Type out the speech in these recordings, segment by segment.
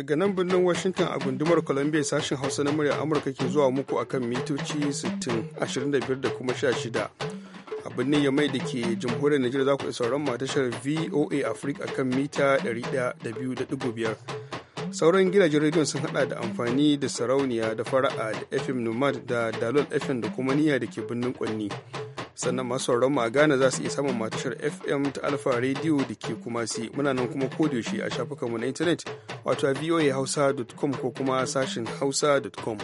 daga nan birnin Washington a gundumar Columbia sashen Hausa na murya Amurka ke zuwa muku akan mitoci 60, 25 da kuma 16. A birnin Yamai da ke jamhuriyar Najeriya za ku iya sauran tashar VOA Africa akan mita da 102.5. Sauran gidajen rediyon sun hada da amfani da sarauniya da fara'a da FM Nomad da Dalol FM da kuma niyya da ke birnin Kwanni. sannan masu sauran magana a Ghana za su iya samun matashar FM ta Alfa Radio da ke kuma si muna nan kuma kodiyoshi a shafukanmu na intanet wato a voahausa.com ko kuma sashin hausa.com.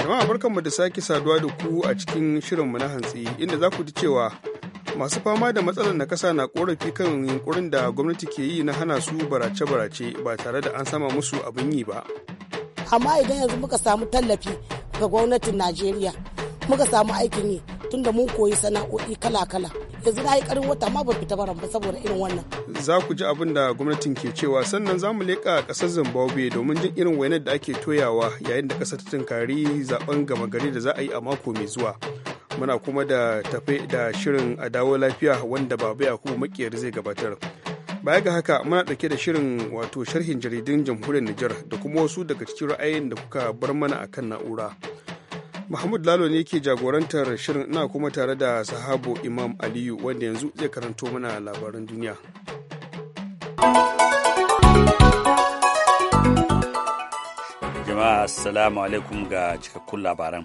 jama'a barkanmu da sake saduwa da ku a cikin shirinmu na hantsi inda za ku ji cewa masu fama da matsalar nakasa na korafi kan yunkurin da gwamnati ke yi na hana su barace-barace ba tare da an sama musu abin yi ba amma idan yanzu muka samu tallafi ga gwamnatin Najeriya muka samu aikin yi tunda mun koyi sana'o'i kala-kala yanzu na yi karin wata ma ban fita baran ba saboda irin wannan. Za ku ji abin da gwamnatin ke cewa sannan za mu leƙa ƙasar Zimbabwe domin jin irin wainar da ake toyawa yayin da ƙasar ta tunkari zaben gama gari da za a yi a mako mai zuwa. Muna kuma da tafe da shirin a dawo lafiya wanda Baba Yakubu Makiyar zai gabatar. baya ga haka muna ɗauke da shirin wato sharhin jaridun jamhuriyar Nijar da kuma wasu daga cikin ra'ayin da kuka bar mana a kan na'ura. Mahmud Lalo ne ke jagorantar shirin ina kuma tare da sahabo Imam Aliyu wanda yanzu zai karanto mana labaran duniya. Jama'a Assalamu alaikum ga cikakkun labaran.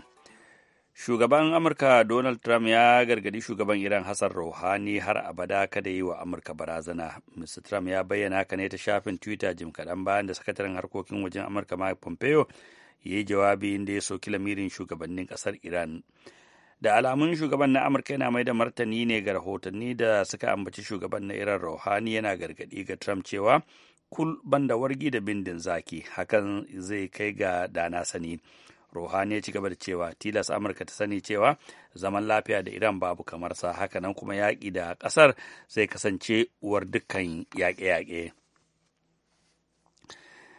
shugaban amurka donald trump ya gargadi shugaban iran hassan rouhani har abada kada yi wa amurka barazana mr trump ya bayyana haka ne ta shafin twitter jim kaɗan bayan da sakataren harkokin wajen amurka mike pompeo ya yi jawabi inda ya soki lamirin shugabannin ƙasar iran da alamun shugaban na amurka yana mai da martani ne ga rahotanni da suka ambaci shugaban na iran rouhani yana gargadi ga trump cewa kul banda wargi da bindin zaki hakan zai kai ga dana sani ruhani ya ci gaba da cewa tilas amurka ta sani cewa zaman lafiya da iran babu kamar sa hakanan kuma yaƙi da ƙasar zai kasance uwar dukkan yaƙe-yaƙe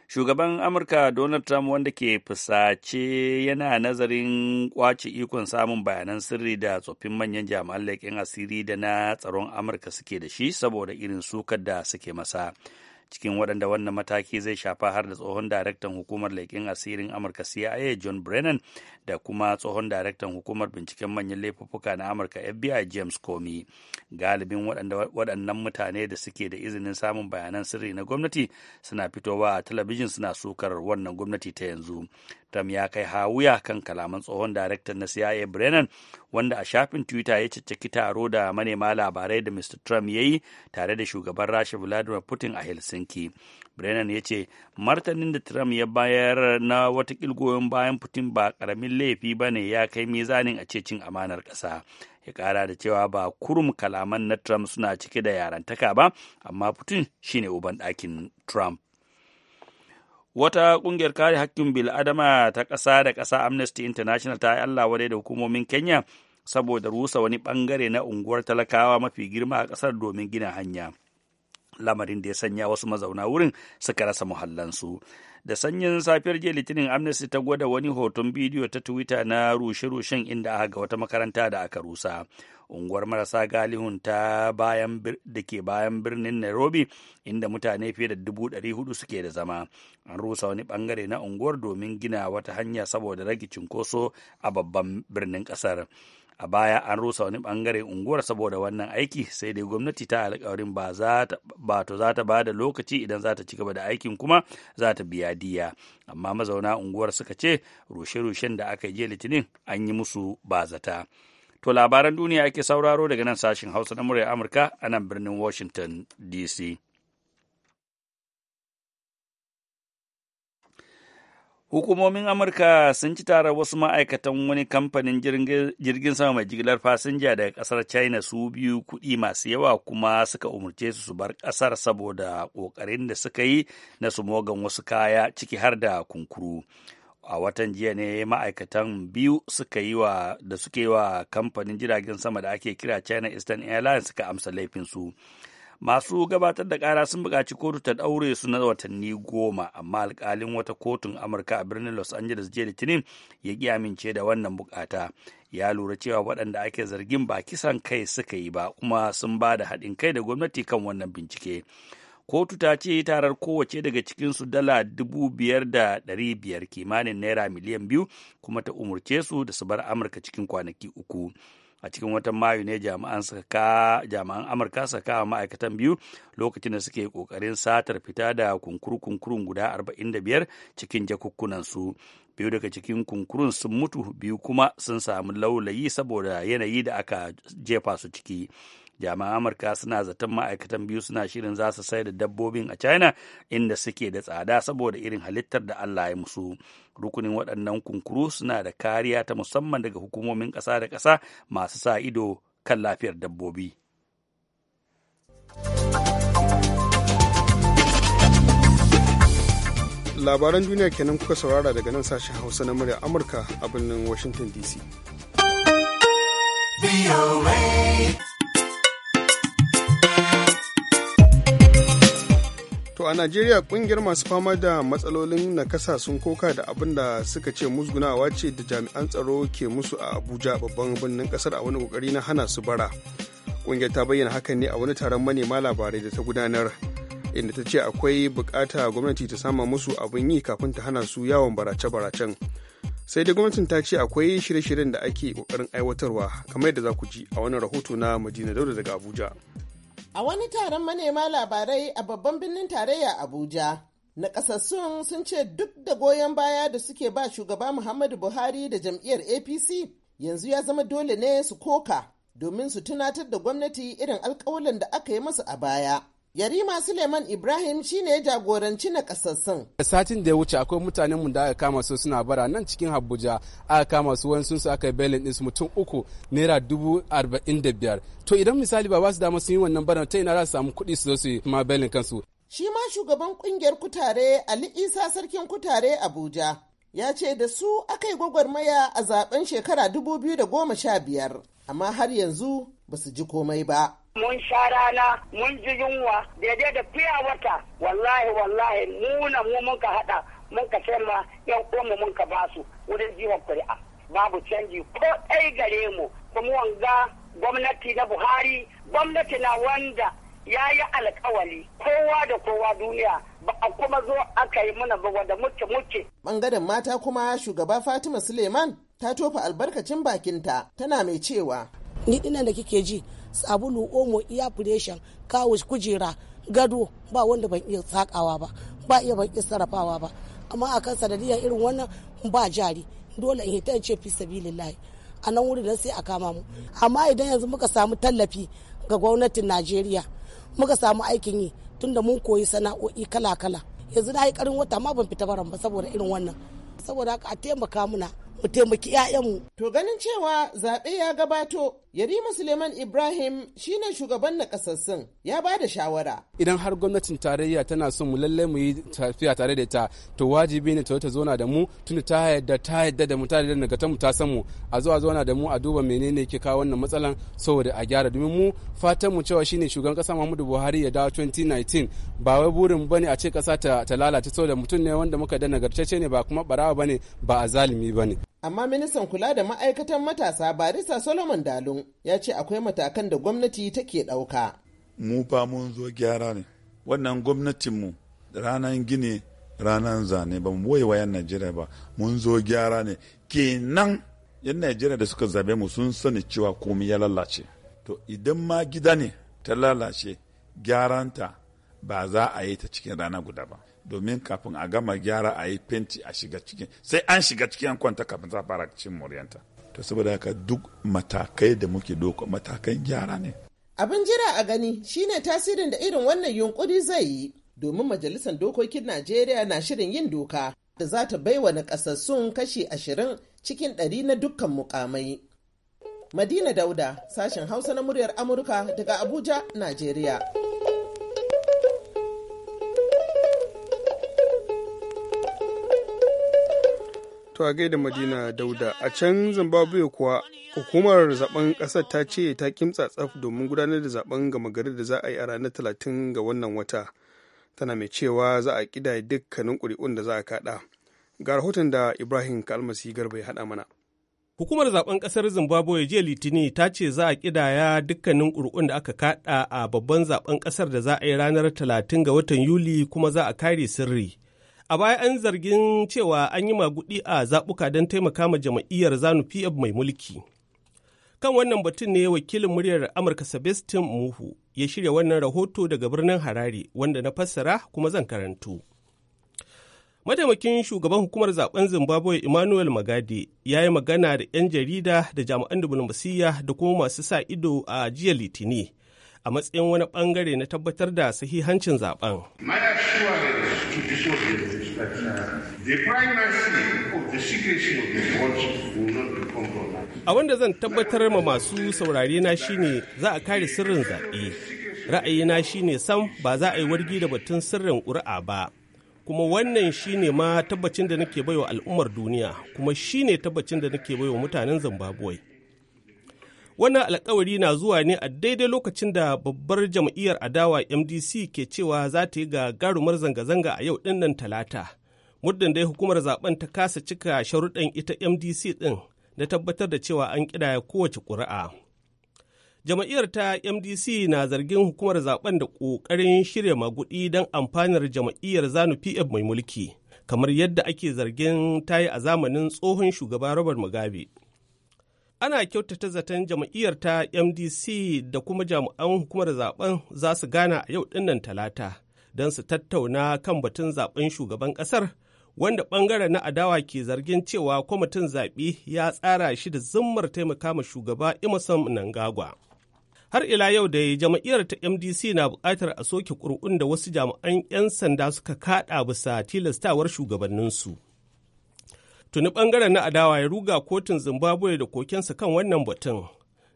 shugaban amurka donald trump wanda ke fusace yana nazarin kwace ikon samun bayanan sirri da tsoffin manyan jami'an leƙen asiri da na tsaron amurka suke da shi saboda irin sukar da suke masa cikin waɗanda wannan mataki zai shafa har da tsohon daraktan hukumar laikin asirin amurka cia john brennan da kuma tsohon daraktan hukumar binciken manyan laifuffuka na amurka fbi james comey galibin waɗannan mutane da suke da izinin samun bayanan sirri na gwamnati suna fitowa a talabijin suna sukar wannan gwamnati ta yanzu tam ya kai hawuya kan kalaman tsohon daraktan na CIA Brennan wanda a shafin Twitter ya cicciki taro da manema labarai da Mr. Trump ya yi tare da shugaban Rasha Vladimir Putin a Helsinki. Helsinki. Brennan ya ce martanin da Trump ya bayar na watakil goyon bayan Putin ba karamin laifi ba ne ya kai mizanin a cin amanar ƙasa. Ya ƙara da cewa ba kurum kalaman na Trump suna cike da yarantaka ba, amma Putin shine uban ɗakin Trump. wata ƙungiyar kare hakkin bil'adama ta ƙasa da ƙasa amnesty international ta yi allah wadai da hukumomin kenya saboda rusa wani ɓangare na unguwar talakawa mafi girma a ƙasar domin gina hanya lamarin da ya sanya wasu mazauna wurin suka rasa muhallansu. Da sanyin safiyar jiya Litinin Amnesty ta gwada wani hoton bidiyo ta Twitter na rushe-rushen inda aka ga wata makaranta da aka rusa. Unguwar marasa galihun ta bayan da ke bayan birnin Nairobi inda mutane fiye da dubu ɗari hudu suke da zama. An rusa wani bangare na unguwar domin gina wata hanya saboda rage cunkoso a babban birnin ƙasar. a baya an rusa wani bangare unguwar saboda wannan aiki sai dai gwamnati ta alkawarin ba to za ta ba da lokaci idan za ta ci gaba da aikin kuma za ta biya diya amma mazauna unguwar suka ce rushe-rushen da aka je litinin an yi musu ba zata to labaran duniya ake sauraro daga nan sashin hausa na murya amurka a nan birnin washington dc Hukumomin Amurka sun ci tare wasu ma'aikatan wani kamfanin jirgin sama mai jigilar fasinja daga kasar China su biyu kuɗi masu yawa kuma suka umarce su su bar kasar saboda ƙoƙarin da suka yi na su mogan wasu kaya ciki har da kunkuru. A watan jiya ne ma'aikatan biyu suka yi wa da suke wa kamfanin jiragen sama da ake kira China Eastern Airlines suka amsa laifinsu. su. masu gabatar da kara sun buƙaci kotu ta ɗaure su na watanni goma amma alkalin wata kotun amurka a birnin los angeles jiya litinin ya ƙi amince da wannan buƙata ya lura cewa waɗanda ake zargin ba kisan kai suka yi ba kuma sun ba da haɗin kai da gwamnati kan wannan bincike kotu ta ce tarar kowace daga cikinsu dala dubu biyar da ɗari biyar kimanin naira miliyan biyu kuma ta umurce su da su bar amurka cikin kwanaki uku a cikin watan mayu ne jami'an jami'an amurka kawo ma'aikatan biyu lokacin da suke kokarin satar fita da kunkuru-kunkurun guda arba'in da biyar cikin jakukkunan su biyu daga cikin kunkurun sun mutu biyu kuma sun samu laulayi saboda yanayi da aka jefa su ciki jami'an amurka suna zaton ma'aikatan biyu suna shirin za su sayar da dabbobin a china inda suke da tsada saboda irin halittar da allah ya musu rukunin waɗannan kunkuru suna da kariya ta musamman daga hukumomin ƙasa da ƙasa masu sa ido kan lafiyar dabbobi labaran duniya kenan kuka saurara daga nan sashen hausa na murya amurka a birnin washington dc To a Najeriya kungiyar masu fama da matsalolin nakasa sun koka da abin da suka ce musgunawa ce da jami'an tsaro ke musu a Abuja babban birnin kasar a wani kokari na hana su bara. Kungiyar ta bayyana hakan ne a wani taron manema labarai da ta gudanar inda ta ce akwai bukata gwamnati ta sama musu abin yi kafin ta hana su yawon barace-baracen. Sai dai gwamnatin ta ce akwai shirye-shiryen da ake kokarin aiwatarwa kamar yadda za ku ji a wani rahoto na Madina Dauda daga Abuja. A wani taron manema labarai a babban birnin tarayya Abuja, nakasassun sun ce duk da goyon baya da suke ba shugaba Muhammadu Buhari da jam'iyyar APC yanzu ya zama dole ne su koka domin su tunatar da gwamnati irin alkawalin da aka yi masa a baya. Yarima Suleiman Ibrahim shine ya jagoranci na kasassun. Satin da ya wuce akwai mutanenmu da aka kama su suna bara nan cikin Abuja aka kama su wani su aka yi belin ɗinsu mutum uku naira dubu arba'in da biyar. To idan misali ba ba su dama sun yi wannan bara ta ina za su samu kuɗi su zo su yi ma belin kansu. Shi ma shugaban kungiyar kutare Ali Isa sarkin kutare Abuja ya ce da su aka yi gwagwarmaya a zaben shekara 2015 amma har yanzu ba su ji komai ba. Mun sha rana, mun ji yunwa, daidai da fiya wata, wallahi wallahi muna mu mun ka haɗa, mun ka ma yan uwanmu mun ka basu wurin jiwon kuri'a. Babu canji ko ɗai gare mu, kuma wanga gwamnati na Buhari, gwamnati na wanda ya yi alkawali kowa da kowa duniya ba a kuma zo aka yi mana ba wanda muke muke. Bangaren mata kuma shugaba Fatima Suleiman ta tofa albarkacin bakinta tana mai cewa. Ni ina da kike ji sabulu omo iya fureshen kawo kujera gado ba wanda ban iya sakawa ba ba iya ban iya sarrafawa ba amma a kan sanadiyar irin wannan ba jari dole in hita ce fi sabilillahi a nan wurin sai a kama mu amma idan yanzu muka samu tallafi ga gwamnatin Najeriya muka samu aikin yi tunda mun koyi sana'o'i kala-kala yanzu na yi karin wata ma ban fita baran ba saboda irin wannan saboda haka a taimaka muna mu taimaki 'ya'yanmu. To ganin cewa zaɓe ya gabato Yarima Suleiman Ibrahim shi ne shugaban nakasassun ya ba da shawara. Idan har gwamnatin tarayya tana son mu lallai mu yi tafiya tare da ta to wajibi ne ta zo da mu tunda ta yadda ta yadda da mu ta yadda daga ta mu ta san mu a zuwa zo da mu a duba menene ke kawo wannan matsalan saboda a gyara domin mu fatan mu cewa shine shugaban kasa Muhammadu Buhari ya dawo 2019 ba wai burin bane a ce kasa ta, ta lalace saboda mutum ne wanda muka da nagartacce ne ba kuma barawa bane ba a zalimi bane. amma ministan kula da ma'aikatan matasa barista solomon dalun ya ce akwai matakan da gwamnati take ɗauka. mu fa mun zo gyara ne wannan gwamnatinmu ranar gini ranar zane ba mu wai wayan najeriya ba mun zo gyara ne kenan yan najeriya da suka zabe mu sun sani cewa komai ya lalace to idan ma gida ne ta lalace gyaranta ba za a yi ta cikin rana guda ba domin kafin a gama gyara a yi fenti a shiga cikin sai an shiga cikin kwanta kafin za a fara cin muryanta to saboda haka duk matakai da muke doka matakan gyara ne abin jira a gani shine tasirin da irin wannan yunkuri zai yi domin majalisar dokokin najeriya na shirin yin doka da za ta baiwa nakasassun kashi ashirin cikin ɗari na dukkan mukamai madina dauda sashen hausa na muryar amurka daga abuja najeriya To a gaida Madina Dauda a can Zimbabwe kuwa hukumar zaben ƙasar ta ce ta kimtsa tsaf domin gudanar da zaben gama gari da za a yi a ranar 30 ga wannan wata. Tana mai cewa za a kida dukkanin kuri'un da za a kada Ga rahoton da Ibrahim Kalmasi Garba ya hada mana. Hukumar zaben kasar Zimbabwe jiya litini ta ce za a kidaya dukkanin ƙuri'un da aka kada a babban zaben kasar da za a yi ranar 30 ga watan Yuli kuma za a kare sirri. A baya an zargin cewa an yi magudi a zaɓuka don taimaka ma jama'iyyar Zanu PF mai mulki. Kan wannan batun ne wakilin muryar Amurka Sebastian Muhu ya shirya wannan rahoto daga birnin Harare wanda na fassara kuma zan karantu. Mataimakin shugaban hukumar zaben Zimbabwe Emmanuel Magade ya yi magana da 'yan jarida da jami'an diplomasiyya da kuma masu sa ido a jiya Litini a matsayin wani bangare na tabbatar da sahihancin zaben. A wanda zan tabbatar ma masu saurare na shine za a kare sirrin zaɓe. Ra'ayina shine sam ba za a yi wargi da batun sirrin ƙuri'a ba. Kuma wannan shine ma tabbacin da nake baiwa al'ummar duniya, kuma shine tabbacin da nake baiwa mutanen Zimbabwe. Wannan alkawari na zuwa ne a daidai lokacin da babbar jam'iyyar adawa MDC ke cewa za ta yi gagarumar zanga-zanga a yau dinnan talata. Muddin dai hukumar zaben ta kasa cika sharuɗan ita MDC ɗin da tabbatar da cewa an ƙidaya kowace ƙuri'a. Jam'iyyar ta MDC na zargin hukumar zaben da ƙoƙarin shirya maguɗi don amfanar jam'iyyar Zanu PF mai mulki, kamar yadda ake zargin ta yi a zamanin tsohon shugaba Robert Mugabe. ana kyautata zaton jam'iyyar ta mdc da kuma jami'an hukumar zaben za su gana a yau dinnan talata don su tattauna kan batun zaben shugaban kasar wanda bangare na adawa ke zargin cewa kwamitin zaɓe ya tsara shi da zummar taimaka ma shugaba emerson gagwa har ila yau da jam'iyyar ta mdc na buƙatar a soke ƙuri'un da wasu jami'an 'yan sanda suka kaɗa bisa tilastawar shugabanninsu tuni ɓangaren na adawa ya ruga kotun zimbabwe da kokensa kan wannan batun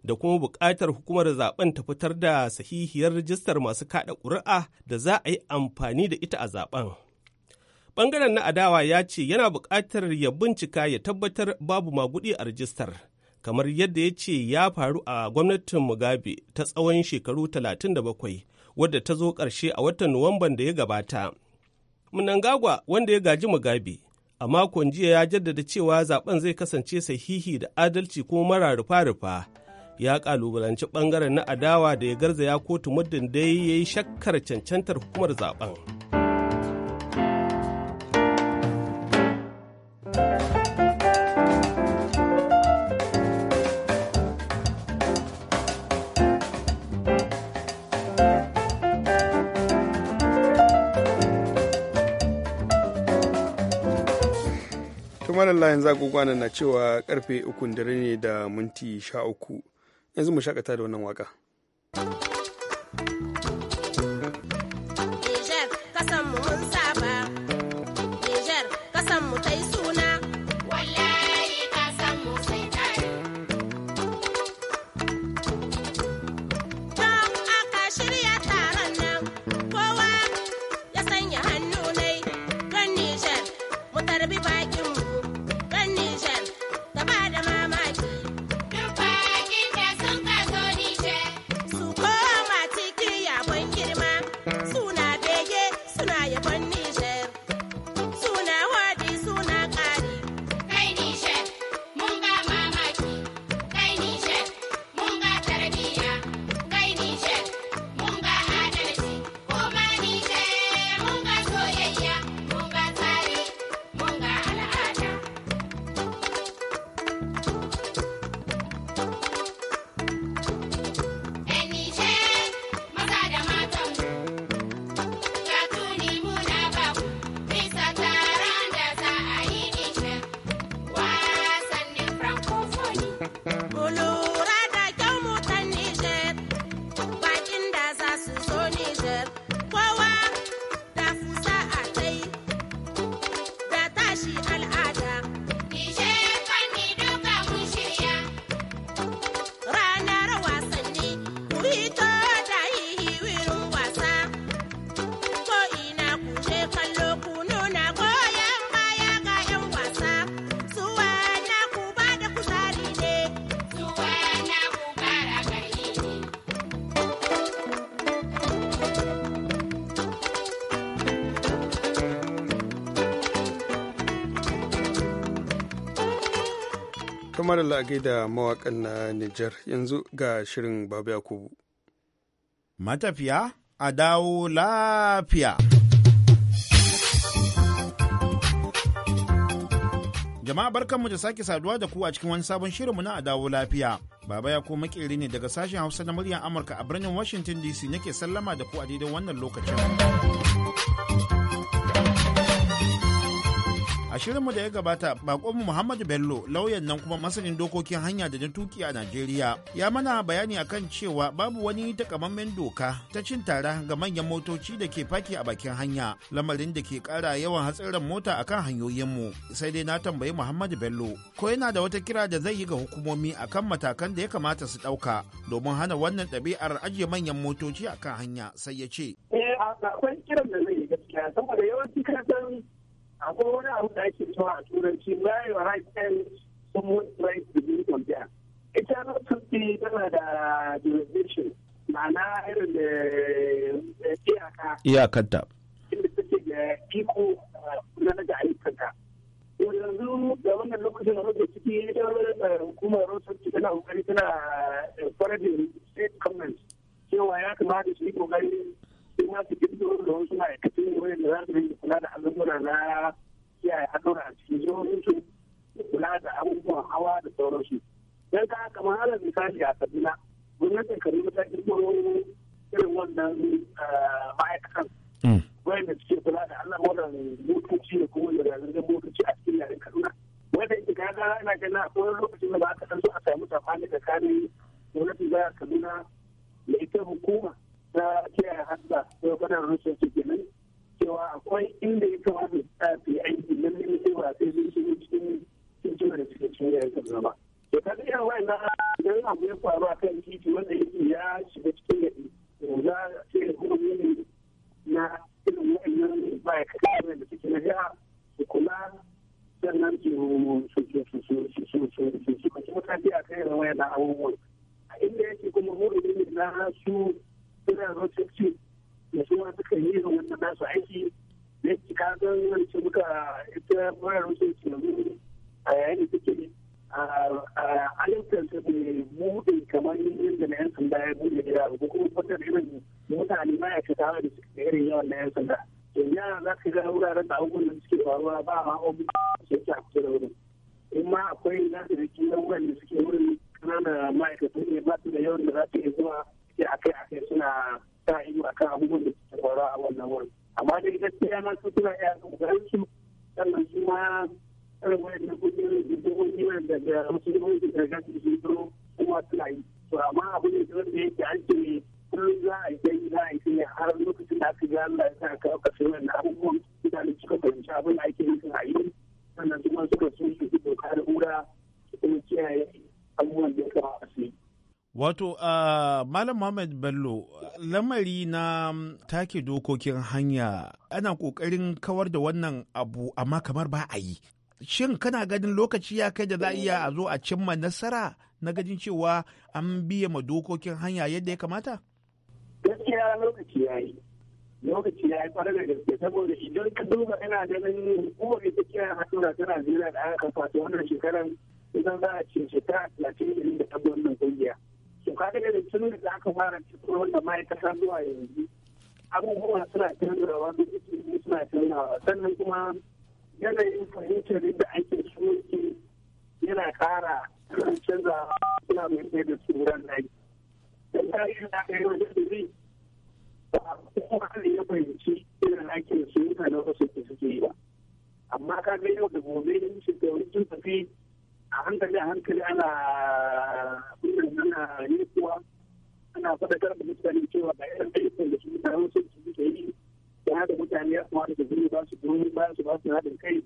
da kuma buƙatar hukumar zaben ta fitar da sahihiyar rijistar masu kada ƙuri'a da za a yi amfani da ita a zaben Ɓangaren na adawa ya ce yana buƙatar ya bincika ya tabbatar babu magudi a rijistar kamar yadda ya ce ya faru a gwamnatin mugabe ta tsawon shekaru 37 wadda ta zo ƙarshe a watan nuwamban da ya gabata Mnangagwa wanda ya gaji Mugabe a makon jiya ya jaddada cewa zaben zai kasance sahihi da adalci kuma mara rufa-rufa ya kalubalanci bangaren na adawa da ya garza ya kotu muddin dai ya yi shakkar cancantar hukumar zaben. malam layan zagogwana na cewa karfe ukun dare ne da minti sha uku yanzu mu shakata da wannan waka. thank you Allah a gaida mawakan na Nijar yanzu ga shirin Babu Yakubu. Matafiya a dawo lafiya. Jama'a barkanmu da sake saduwa da ku a cikin wani sabon shirinmu na a dawo lafiya. Baba ya kuma makeri ne daga sashen Hausa na muryar Amurka a birnin Washington DC nake sallama da ku a daidai wannan lokacin. a shirinmu da ya gabata bakonmu muhammadu bello lauyan nan kuma masanin dokokin hanya da na tuki a najeriya ya mana bayani akan cewa babu wani takamammen doka ta cin tara ga manyan motoci da ke faki a bakin hanya lamarin da ke kara yawan hatsarin mota akan hanyoyinmu sai dai na tambayi muhammadu bello ko yana da wata kira da zai yi ga hukumomi akan matakan da ya kamata su ɗauka domin hana wannan ɗabi'ar ajiye manyan motoci akan hanya sai ya ce. Eh, akwai kiran da zai yi gaskiya saboda yawanci akwai wani abu da ake cewa a turanci bayan your right hand someone right to be from ita na turki tana da jurisdiction ma'ana irin da iyaka iyakanta inda take da iko uh, na daga ayyukanta yanzu da wannan lokacin da muke ciki ita hukumar rotarki tana kokari tana uh, encouraging state government cewa ya kamata su yi kokari sai ma su kirkiro da wasu ma'aikatu ne wanda za su rinka kula da al'amura na kiyaye haɗura a cikin jihohin su kula da abubuwan hawa da sauransu. Don ka kamar halar misali a Kaduna, gwamnatin Kaduna ta kirkiro irin wannan ah, ma'aikatan hmm. wanda suke kula da al'amuran motoci da kuma zirga-zirgar motoci a cikin yaren Kaduna. Wanda ita ka ga ana ganin a kowane lokacin da ba ka ɗan so a samu safani tsakanin gwamnati jihar Kaduna da ita hukuma na kiyaye hasa da gadar rushe su kenan cewa akwai inda ya kamata da tafi aiki na nemi sai ba sai sun shigo cikin cikin da suke cikin yayin kan zama to ka ga yawa na idan abu ya faru a kan titi wanda yake ya shiga cikin gari to za a ce kuma ne na irin wa'annan kuma da suke na jiha su kula sannan su su su a su su su su inda yake kuma su su su suna zo ce da su ma suka yi irin wannan nasu aiki da yake ka san wani ce muka ita mara rushe ce yanzu a yayin da take a alintar ta bai buɗe kamar yadda na yan sanda ya buɗe gida ba ko kuma kwatar irin mutane ma'aikata da suke irin yawan na yan sanda. Yanzu ya za ka ga wuraren da abubuwan da suke faruwa ba ma ofis da suke a kusa da wurin. in ma akwai za su da kiran wanda suke wurin kanana ma'aikatan ne ba su da yawan da za su iya zuwa suke akai akai suna sa ido akan abubuwan da suke faruwa a wannan wurin amma dai gaskiya ma su suna iya ga su sannan su ma irin wani da kuke da ga su zo kuma suna yi to amma abu ne da yake an ce kullum za a yi za a yi ne har lokacin da aka ga Allah ya sa ka kashe wannan abubuwan suka fahimci abin da ake nufin a yi sannan kuma suka so su doka da ura su kuma kiyaye abubuwan da ya kamata Wato, uh, Malam Muhammad Bello, lamari na take dokokin hanya ana ƙoƙarin kawar da wannan abu amma kamar ba a yi. Shin kana ganin lokaci ya kai da za a iya a zo a cimma nasara na gajin cewa an biya ma dokokin hanya yadda ya kamata? Gaskiya lokaci ya yi. Lokaci ya yi fara da gaske saboda idan ka duba ina ganin hukumar da take a tana zira da aka kafa wannan shekaran idan za a ce shekara 30 da tabbon ɗaya da tun da aka fara cikin wanda ma'aikata zuwa yanzu abubuwa suna canzawa suna canzawa sannan kuma yanayin fahimtar da ake suke yana ƙara canzawa suna mai ɗaya da tsoron nai. Dan ta yi na ɗaya wajen da zai kuma hali ya fahimci irin aikin su mutane wasu suke yi ba. Amma ka ga yau da gobe shi da wani tafi a hankali a hankali ana ana yi ana faɗakar da mutane cewa ga irin ayyukan da su mutane sun su suke yi da haka mutane ya kamata da zuri ba su goyi ba su ba su haɗin kai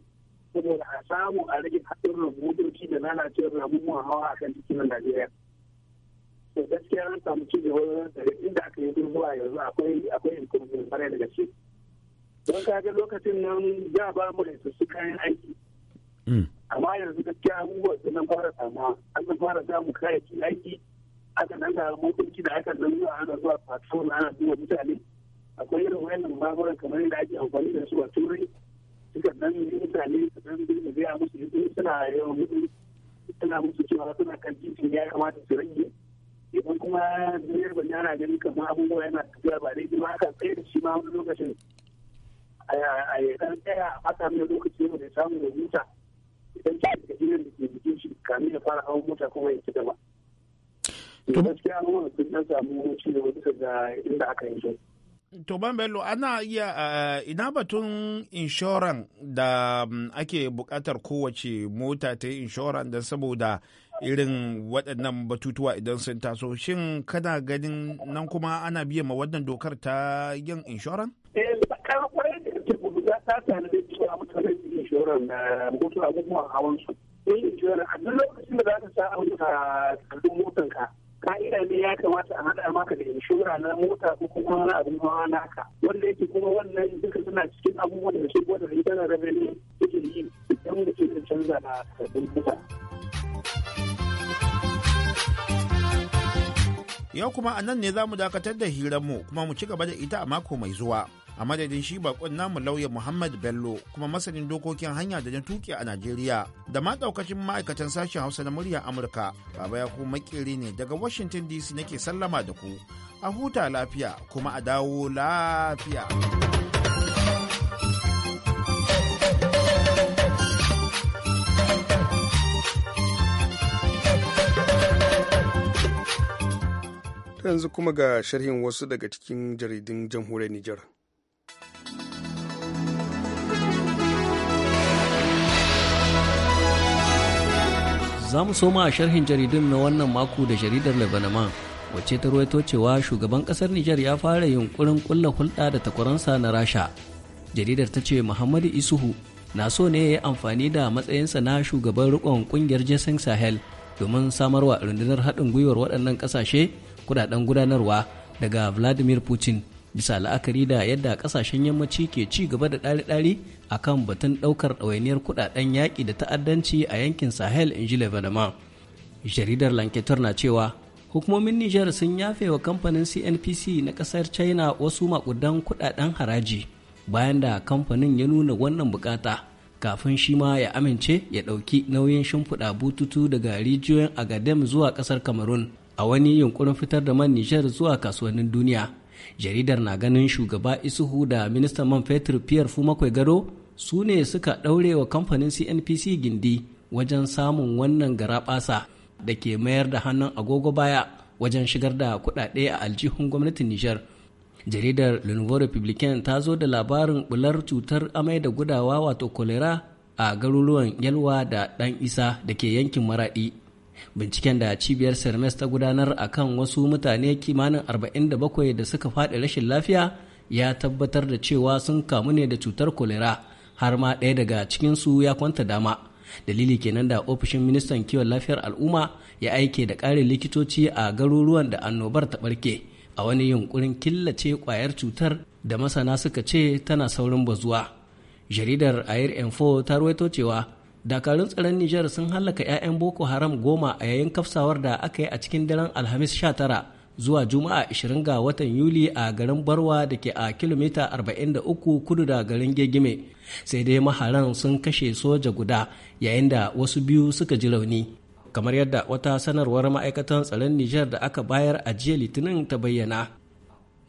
saboda a samu a rage haɗin rubutoci da lalacewar a hawa a kan cikin Najeriya. To gaskiya an samu ci gaba daga inda aka yi zuwa yanzu akwai akwai improvement fara daga ciki. Don kaga lokacin nan ya ba mu da su kayan aiki. Mm. amma yanzu gaskiya abubuwa sunan nan fara sama an fara samun kayayyaki aiki aka nan ga motoci da aka nan zuwa ana zuwa na ana zuwa mutane akwai irin wayannan babura kamar yadda ake amfani da su a turai suka nan mutane su dan dinga gaya musu yanzu suna yawan mutu suna musu cewa suna kan titin ya kamata su rage idan kuma duniyar ban yana ganin kamar abubuwa yana tafiya ba daidai kuma aka tsaye da shi ma wani lokacin a yi ɗan tsaya a fata mai lokaci da samu da idan ta da jinin da ke jikin shi kamin ya fara hawan mota kuma ya ci gaba. To gaskiya mun sun dan samu ci gaba ga inda aka yi shi. To ban bello ana iya eh, ina batun inshoran da mm, ake bukatar kowace mota ta yi inshoran don saboda irin waɗannan batutuwa idan sun taso shin kana ganin nan kuma ana biya ma wannan dokar ta yin inshoran? Eh, ta tana da cewa mutane su inshorar na eh, mutu abubuwan hawan su sai inshorar a duk lokacin da za ka sa a ka takardun ka ka'ida ne ya kamata a haɗa maka da inshora na mota ko kuma wani abin hawa naka wanda yake kuma wannan duka suna cikin abubuwan da shi gwada na revenue yake yi idan da ke canza na takardun mota. Yau kuma a nan ne za mu dakatar da hiranmu kuma mu ci gaba da ita a mako mai zuwa. a madadin shi bakon namu lauya muhammad bello kuma masanin dokokin hanya da na tuki a najeriya da ma daukacin ma'aikatan sashen hausa na murya amurka baba ya ku makiri ne daga washington dc nake sallama da ku a huta lafiya kuma a dawo lafiya yanzu kuma ga sharhin wasu daga cikin jaridun jamhuriyar Nijar. za mu soma a sharhin jaridun na wannan mako da jaridar labanama wacce ta ruwaito cewa shugaban kasar nijar ya fara yunkurin kulla hulɗa da takwaransa na rasha jaridar ta ce muhammadu isuhu na so ne ya yi amfani da matsayinsa na shugaban rikon kungiyar jason sahel domin samarwa rundunar haɗin gwiwar waɗannan ƙasashe kudaden gudanarwa daga vladimir putin bisa la'akari da yadda kasashen yammaci ke ci gaba da ɗari-ɗari a kan batun ɗaukar ɗawainiyar kuɗaɗen yaƙi da ta'addanci a yankin sahel in ji lebanama jaridar lanketar na cewa hukumomin nijar sun yafe wa kamfanin cnpc na ƙasar china wasu makudan kuɗaɗen haraji bayan da kamfanin ya nuna wannan bukata kafin shi ma ya amince ya ɗauki nauyin shimfiɗa bututu daga rijiyoyin agadem zuwa ƙasar cameroon a wani yunkurin fitar da man nijar zuwa kasuwannin duniya jaridar na ganin shugaba isuhu da ministan man fetur pierre fumakwai gado su ne suka ɗaure wa kamfanin cnpc gindi wajen samun wannan garaɓasa da ke mayar da hannun agogo baya wajen shigar da kuɗaɗe a aljihun gwamnatin nijar jaridar le nouveau ta zo da labarin bular cutar amai da gudawa wato kolera a garuruwan yalwa da ɗan isa da ke yankin maraɗi binciken da cibiyar sermes ta gudanar a kan wasu mutane kimanin 47 da suka faɗi rashin lafiya ya tabbatar da cewa sun kamu ne da cutar kolera har ma ɗaya daga cikinsu ya kwanta dama dalili kenan da ofishin ministan kiwon lafiyar al'umma ya aike da ƙarin likitoci a garuruwan da annobar ta ɓarke a wani yunkurin killace ƙwayar cutar da masana suka ce tana saurin bazuwa jaridar air info ta ruwaito cewa dakarun tsaron Nijar sun hallaka 'ya'yan Boko Haram goma a yayin kafsawar da aka yi a cikin daren Alhamis 19 zuwa Juma'a 20 ga watan Yuli a garin Barwa da ke a kilomita 43 kudu da garin Gegime. Sai dai maharan sun kashe soja guda yayin da wasu biyu suka ji rauni. Kamar yadda wata sanarwar ma'aikatan tsaron Nijar da aka bayar a jiya Litinin ta bayyana.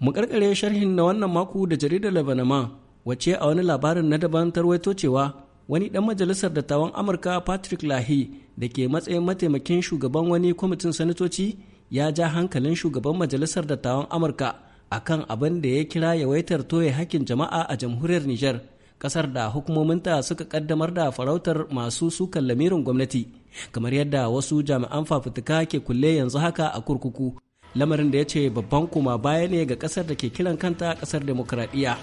Mu karkare sharhin na wannan mako da jaridar Lebanama, wace a wani labarin na daban tarwaito cewa wani ɗan majalisar dattawan amurka patrick lahi da ke matsayin mataimakin shugaban wani kwamitin sanatoci ya ja hankalin shugaban majalisar dattawan amurka akan abin da ya kira yawaitar toye hakkin jama'a a jamhuriyar niger kasar da hukumominta suka kaddamar da farautar masu sukan lamirin gwamnati kamar yadda wasu jami'an fafutuka ke kulle yanzu haka a kurkuku lamarin da ya ce babban kuma baya ne ga kasar da ke kiran kanta kasar demokradiyya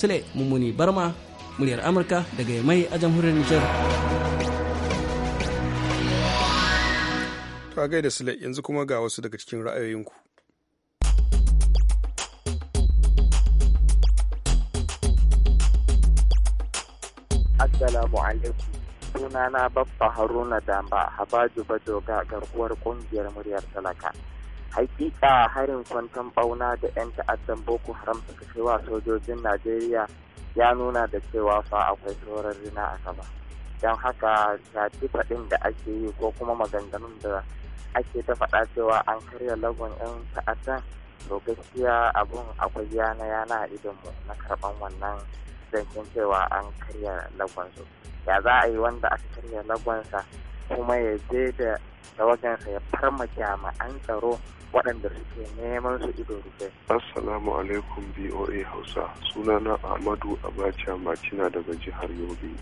sule mummuni barma muryar amurka daga yamai a jamhuriyar nijar ta gaida sule yanzu kuma ga wasu daga cikin ra'ayoyinku assalamu alaikum sunana babba haruna damba habaju bajoga garkuwar kungiyar muryar talaka haƙiƙa harin kwanton ɓauna da 'yan ta'addan boko haram suka kai wa sojojin najeriya ya nuna da cewa fa akwai tsoron rina a gaba don haka shafi faɗin da ake yi ko kuma maganganun da ake ta faɗa cewa an karya lagon 'yan ta'adda to gaskiya abun akwai yana yana a idonmu na karɓan wannan zancen cewa an karya su ya za a yi wanda aka karya lagonsa kuma ya je da tawagansa ya farma jami'an tsaro waɗanda suke neman su ido rufe. Assalamu alaikum BOA Hausa sunana Ahmadu Abacha Macina daga jihar Yobe.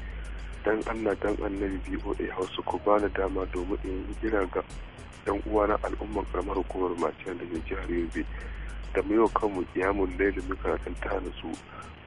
Dan Allah dan annabi BOA Hausa ku bani dama domin in yi ga 'yan uwana al'ummar karamar hukumar Macina daga jihar Yobe. da mu yau kanmu kiyamun laili mu kan ta su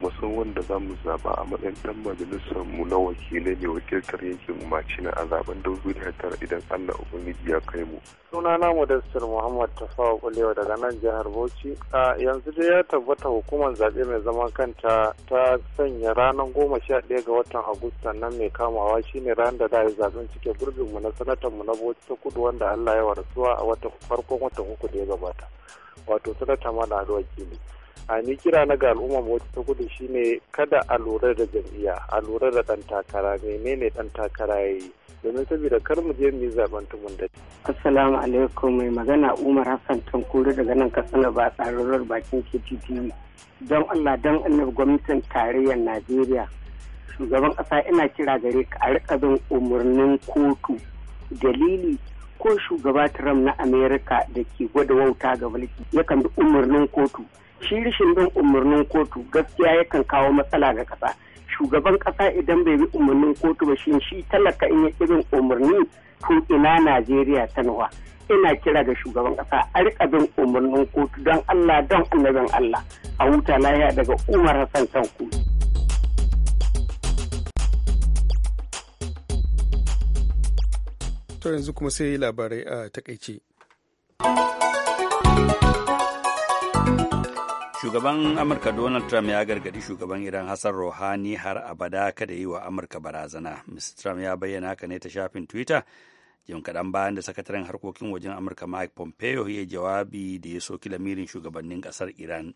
musan wanda za mu zaba a matsayin dan majalisar mu na wakilai ne wakiltar yankin macina a zaben tara idan allah ubangiji ya kai mu sunana modestin muhammad tafawa kulewa daga nan jihar bauchi a yanzu dai ya tabbata hukumar zaɓe mai zaman kanta ta sanya ranar goma sha ɗaya ga watan agusta nan mai kamawa shine ranar da za a yi zaben cike gurbinmu na sanatar mu na bauchi ta kudu wanda allah ya warasuwa a watan farkon watan uku da ya gabata wato sanata mala ado wakili a ni kira na ga al'umma wata ta gudu shine kada a lura da jam'iyya a lura da dan takara menene dan takara yi domin saboda kar mu je mu zaben tumun da assalamu alaikum mai magana umar hassan tankuri daga nan katsina ba tsararrar bakin ktv don allah don annabi gwamnatin tarayyar najeriya shugaban kasa ina kira gare ka a rika bin umarnin kotu dalili ko shugaba Trump na Amerika da ke gwada wauta ga mulki yakan bi umarnin kotu. Shi rishin bin umarnin kotu gaskiya yakan kawo matsala ga ƙasa. Shugaban ƙasa idan bai bi umarnin kotu ba shi shi talaka in ya bin umarni ko ina Najeriya ta nawa Ina kira ga shugaban ƙasa a riƙa bin umarnin kotu don Allah don annabin Allah a huta lahiya daga Umar Hassan Sanku. to yanzu kuma sai labarai a takaice shugaban amurka donald trump ya gargadi shugaban iran hassan rohani har abada kada yi wa amurka barazana mr trump ya bayyana haka ne ta shafin twitter jim kaɗan bayan da sakataren harkokin wajen amurka mike pompeo ya jawabi da ya soki lamirin shugabannin ƙasar iran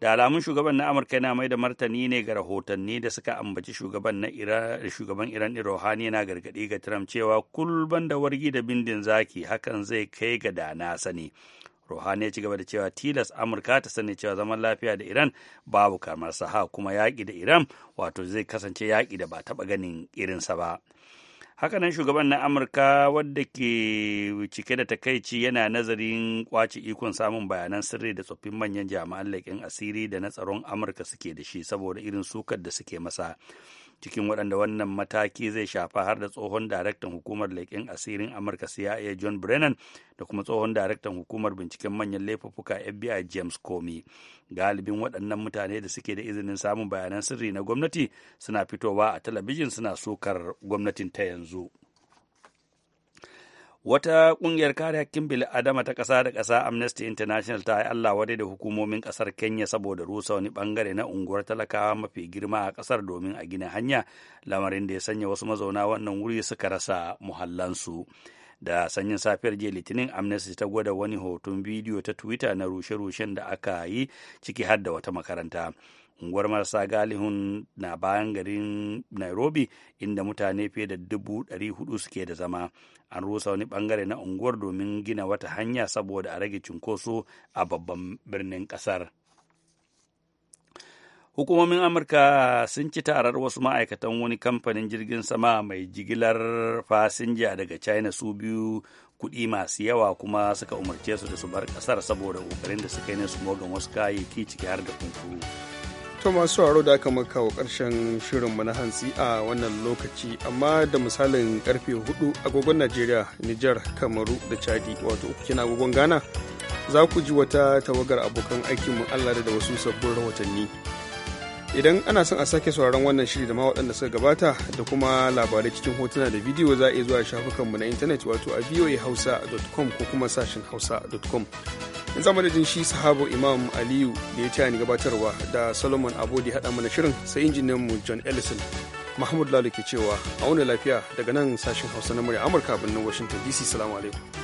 da alamun shugaban na amurka yana mai da martani ne ga rahotanni da suka ambaci shugaban na shugaban iran rohani yana gargaɗi ga trump cewa kulban da wargi da bindin zaki hakan zai kai ga da na sani rohani ya ci gaba da cewa tilas amurka ta sani cewa zaman lafiya da iran babu kamar saha kuma yaƙi da iran wato zai kasance yaƙi da ba taɓa ganin irinsa ba hakanan shugaban na amurka wadda ke cike da takaici yana nazarin kwace ikon samun bayanan sirri da tsoffin manyan jami'an leƙen asiri da na tsaron amurka suke da shi saboda irin sukar da suke masa cikin waɗanda wannan mataki zai shafa har da tsohon daraktan hukumar leƙen asirin amurka cia john brennan da kuma tsohon daraktan hukumar binciken manyan laifuffuka fbi james comey galibin waɗannan mutane da suke da izinin samun bayanan sirri na gwamnati suna fitowa a talabijin suna sukar gwamnatin ta yanzu wata kungiyar kare hakkin bil'adama ta kasa da kasa amnesty international ta yi allah wadai da hukumomin kasar kenya saboda rusa wani bangare na unguwar talakawa mafi girma a kasar domin a gina hanya lamarin da ya sanya wasu mazauna wannan wuri suka rasa muhallansu da sanyin safiyar jiya litinin amnesty ta gwada wani hoton bidiyo ta twitter na rushe-rushen da aka yi ciki har da wata makaranta unguwar marasa galihun na bayan garin nairobi inda mutane fiye da dubu ɗari hudu suke da zama an rusa wani bangare na unguwar domin gina wata hanya saboda a rage cunkoso a babban birnin ƙasar hukumomin amurka sun ci tarar wasu ma'aikatan wani kamfanin jirgin sama mai jigilar fasinja daga china su biyu kuɗi masu yawa kuma suka umarce su da su bar ƙasar saboda ƙoƙarin da suka yi na su mogan wasu kayayyaki ciki har da kunkuru To masu sauraro da aka maka wa ƙarshen shirinmu na hantsi a wannan lokaci amma da misalin karfe 4 agogon Najeriya, Nijar, Kamaru da Chadi wato uku kina agogon Ghana za ku ji wata tawagar abokan aikinmu Allah da wasu sabbin rahotanni. Idan ana son a sake sauraron wannan shiri da ma waɗanda suka gabata da kuma labarai cikin hotuna da bidiyo za a iya zuwa shafukanmu na intanet wato a voahausa.com ko kuma sashen hausa.com. in zama da jin shi sahabo imam aliyu da ya taya ni gabatarwa da solomon abodi haɗa mana shirin sai injiniyan mu john ellison mahmud lalu ke cewa a wani lafiya daga nan sashen hausa na murya amurka birnin washington dc salamu alaikum